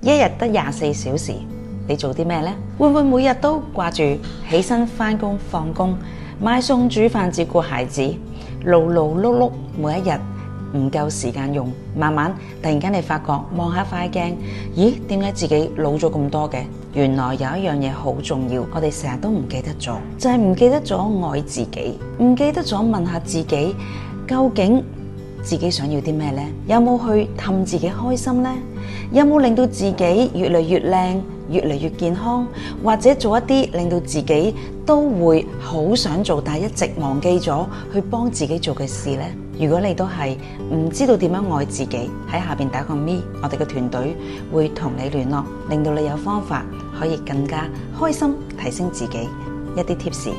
一日得廿四小時，你做啲咩呢？會唔會每日都掛住起身翻工、放工、買餸、煮飯、照顧孩子，勞勞碌碌，每一日唔夠時間用。慢慢突然間你發覺望下塊鏡，咦？點解自己老咗咁多嘅？原來有一樣嘢好重要，我哋成日都唔記得咗，就係唔記得咗愛自己，唔記得咗問下自己究竟。自己想要啲咩呢？有冇去氹自己開心呢？有冇令到自己越嚟越靚、越嚟越健康？或者做一啲令到自己都會好想做，但係一直忘記咗去幫自己做嘅事呢？如果你都係唔知道點樣愛自己，喺下邊打個咪，我哋嘅團隊會同你聯絡，令到你有方法可以更加開心，提升自己一啲貼士。